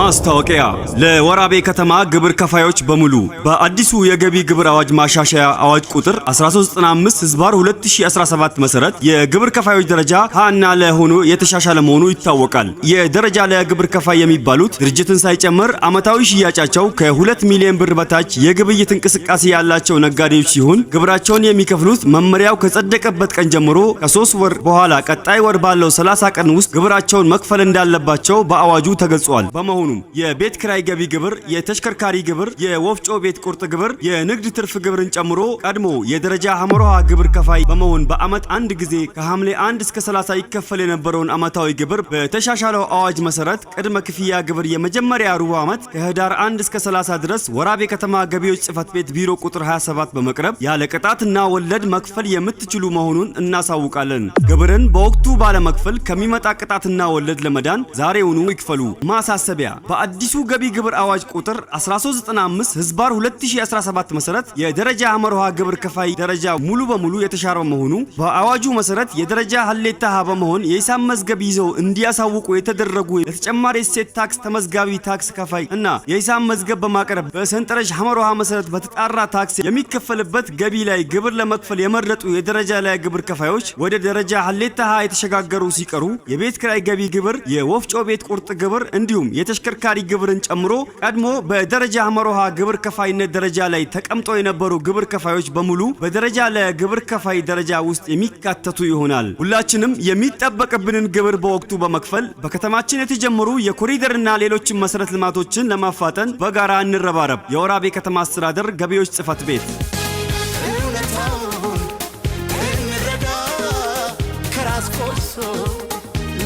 ማስታወቂያ ለወራቤ ከተማ ግብር ከፋዮች በሙሉ በአዲሱ የገቢ ግብር አዋጅ ማሻሻያ አዋጅ ቁጥር 1395 ህዝባር 2017 መሰረት የግብር ከፋዮች ደረጃ ሀና ሆኖ የተሻሻለ መሆኑ ይታወቃል። የደረጃ ለግብር ከፋይ የሚባሉት ድርጅትን ሳይጨምር ዓመታዊ ሽያጫቸው ከ2 ሚሊዮን ብር በታች የግብይት እንቅስቃሴ ያላቸው ነጋዴዎች ሲሆን ግብራቸውን የሚከፍሉት መመሪያው ከጸደቀበት ቀን ጀምሮ ከሶስት ወር በኋላ ቀጣይ ወር ባለው 30 ቀን ውስጥ ግብራቸውን መክፈል እንዳለባቸው በአዋጁ ተገልጿል። በመሆኑ አይሆኑም። የቤት ክራይ ገቢ ግብር፣ የተሽከርካሪ ግብር፣ የወፍጮ ቤት ቁርጥ ግብር፣ የንግድ ትርፍ ግብርን ጨምሮ ቀድሞ የደረጃ ሐመሮሃ ግብር ከፋይ በመሆን በዓመት አንድ ጊዜ ከሐምሌ 1 እስከ 30 ይከፈል የነበረውን ዓመታዊ ግብር በተሻሻለው አዋጅ መሰረት ቅድመ ክፍያ ግብር የመጀመሪያ ሩብ ዓመት ከህዳር 1 እስከ 30 ድረስ ወራቤ ከተማ ገቢዎች ጽህፈት ቤት ቢሮ ቁጥር 27 በመቅረብ ያለ ቅጣትና ወለድ መክፈል የምትችሉ መሆኑን እናሳውቃለን። ግብርን በወቅቱ ባለመክፈል ከሚመጣ ቅጣትና ወለድ ለመዳን ዛሬውኑ ይክፈሉ። ማሳሰቢያ በአዲሱ ገቢ ግብር አዋጅ ቁጥር 1395 ህዝባር 2017 መሰረት የደረጃ አመርሃ ግብር ከፋይ ደረጃ ሙሉ በሙሉ የተሻረ መሆኑ በአዋጁ መሰረት የደረጃ ሀሌታ ሀ በመሆን የሂሳብ መዝገብ ይዘው እንዲያሳውቁ የተደረጉ ለተጨማሪ እሴት ታክስ ተመዝጋቢ ታክስ ከፋይ እና የሂሳብ መዝገብ በማቅረብ በሰንጠረዥ አመርሃ መሰረት በተጣራ ታክስ የሚከፈልበት ገቢ ላይ ግብር ለመክፈል የመረጡ የደረጃ ላይ ግብር ከፋዮች ወደ ደረጃ ሀሌታ ሀ የተሸጋገሩ ሲቀሩ የቤት ክራይ ገቢ ግብር፣ የወፍጮ ቤት ቁርጥ ግብር እንዲሁም ተሽከርካሪ ግብርን ጨምሮ ቀድሞ በደረጃ መርሃ ግብር ከፋይነት ደረጃ ላይ ተቀምጦ የነበሩ ግብር ከፋዮች በሙሉ በደረጃ ለግብር ከፋይ ደረጃ ውስጥ የሚካተቱ ይሆናል። ሁላችንም የሚጠበቅብንን ግብር በወቅቱ በመክፈል በከተማችን የተጀመሩ የኮሪደርና ሌሎችን መሰረት ልማቶችን ለማፋጠን በጋራ እንረባረብ። የወራቤ ከተማ አስተዳደር ገቢዎች ጽህፈት ቤት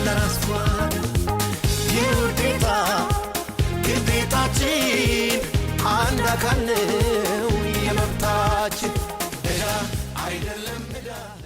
That's why አካል ነው የመብታችን ዕዳ አይደለም ዕዳ